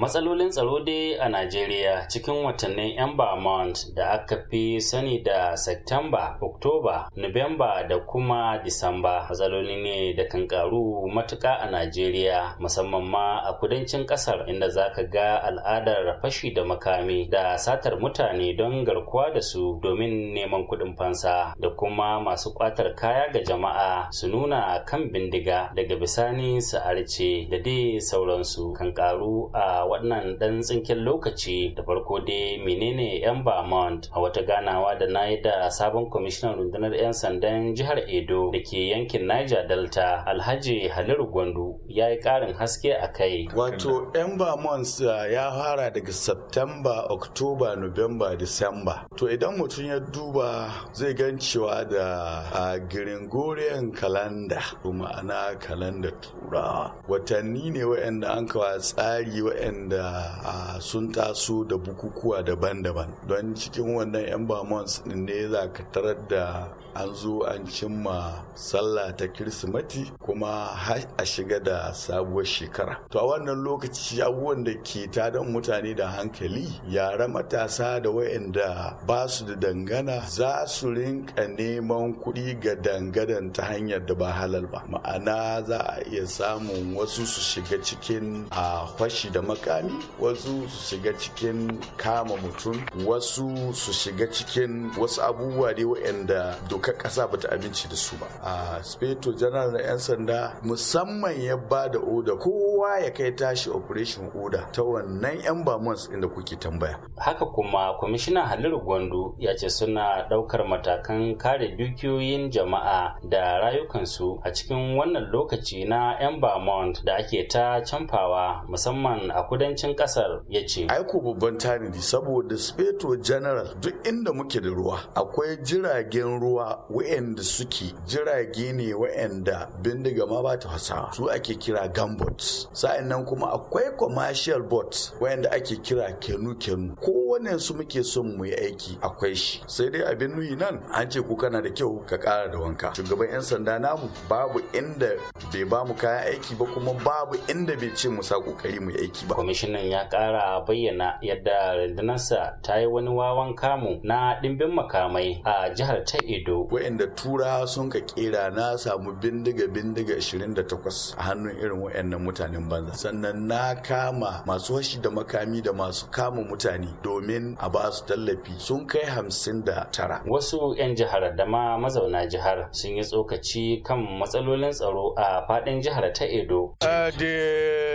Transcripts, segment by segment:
matsalolin tsaro dai a najeriya cikin watannin yamba mount da aka fi sani da september oktoba Nuwemba da kuma disamba matsaloli ne da kan karu matuka a najeriya musamman ma a kudancin kasar inda zaka ga al'adar fashi da makami da satar mutane don garkuwa da su domin neman kuɗin fansa da kuma masu kwatar kaya ga jama'a su nuna kan bindiga daga bisani su arce da dai sauransu kan karu a wannan dan tsinken lokaci da farko dai menene yan Mount a wata ganawa da na yi da sabon kwamishinan rundunar 'yan sandan jihar Edo da ke yankin Niger Delta Alhaji Haliru Gwandu ya yi ƙarin haske a kai. Wato yan sa uh, ya fara daga September, October, November, December. To idan mutum ya duba zai gan cewa da a Gregorian calendar ma'ana calendar turawa watanni ne waɗanda an kawa tsari waɗanda waɗanda sun taso da bukukuwa daban-daban don cikin wannan 'yan bamons ne za ka tarar da an zo an cimma sallah ta kirsimati kuma a shiga da sabuwar shekara to a wannan lokaci abubuwan da ke tadan mutane da hankali yara matasa da wayanda ba su da dangana za su rinka neman kuɗi ga dangadan ta hanyar da ba halal ba ma'ana za a iya samun wasu su shiga cikin a fashi da maka makami wasu su shiga cikin kama mutum wasu su shiga cikin wasu abubuwa ne waɗanda dokar ƙasa bata abinci da su ba a speto general na 'yan sanda musamman ya ba da oda kowa ya kai tashi operation oda ta wannan 'yan bamons inda kuke tambaya haka kuma kwamishinan halir gwandu ya ce suna ɗaukar matakan kare dukiyoyin jama'a da rayukansu a cikin wannan lokaci na 'yan bamont da ake ta canfawa musamman a kudu kudancin kasar ya ce aiko babban tanadi saboda speto general duk inda muke da ruwa akwai jiragen ruwa wa'anda suke jirage ne wa'anda bindiga ma ba ta hasawa su ake kira gambots sa'annan nan kuma akwai commercial boats wayanda ake kira kenu kenu kowane su muke son mu yi aiki akwai shi sai dai abin nuyi nan an ce ku kana da kyau ka kara da wanka shugaban yan sanda namu babu inda bai ba mu kayan aiki ba kuma babu inda bai ce mu sa kokari mu yi aiki ba kwamishinan ya kara bayyana yadda rundunarsa ta yi wani wawan kamu na dimbin makamai a jihar ta edo wa'inda tura sun ka kera na samu bindiga bindiga 28 a hannun irin wa'annan mutanen banza sannan na kama masu hashi da makami da masu kama mutane domin a ba su tallafi sun kai hamsin da tara wasu 'yan jihar da ma mazauna jihar sun yi tsokaci kan matsalolin tsaro a faɗin jihar ta edo uh,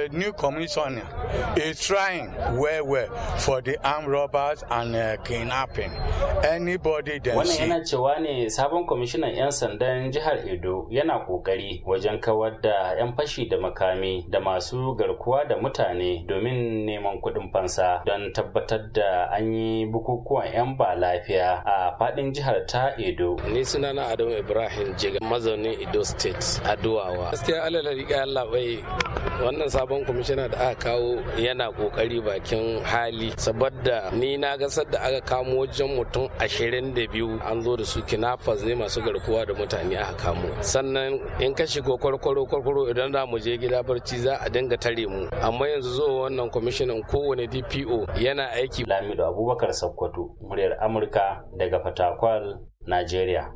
the new commissioner is trying well well for the armed robbers and uh, kidnapping. Anybody then Wannan yana cewa ne sabon kwamishinan 'yan sandan jihar Edo yana kokari wajen kawar da 'yan fashi da makami da masu garkuwa da mutane domin neman kuɗin fansa don tabbatar da an yi bukukuwan 'yan ba lafiya a faɗin jihar ta Edo. Ni sunana Adamu Ibrahim Jiga mazaunin Edo State a Gaskiya Allah wannan sabon kwamishina da aka kawo yana kokari bakin hali saboda ni na ga da aka kamo wajen mutum ashirin da biyu an zo da su kinafas ne masu garkuwa da mutane aka kamo sannan in ka shigo kwarkwaro kwarkwaro idan za mu je gida barci za a dinga tare mu amma yanzu zo wannan kwamishinan kowane dpo yana aiki da abubakar sakkwato muryar amurka daga fatakwal nigeria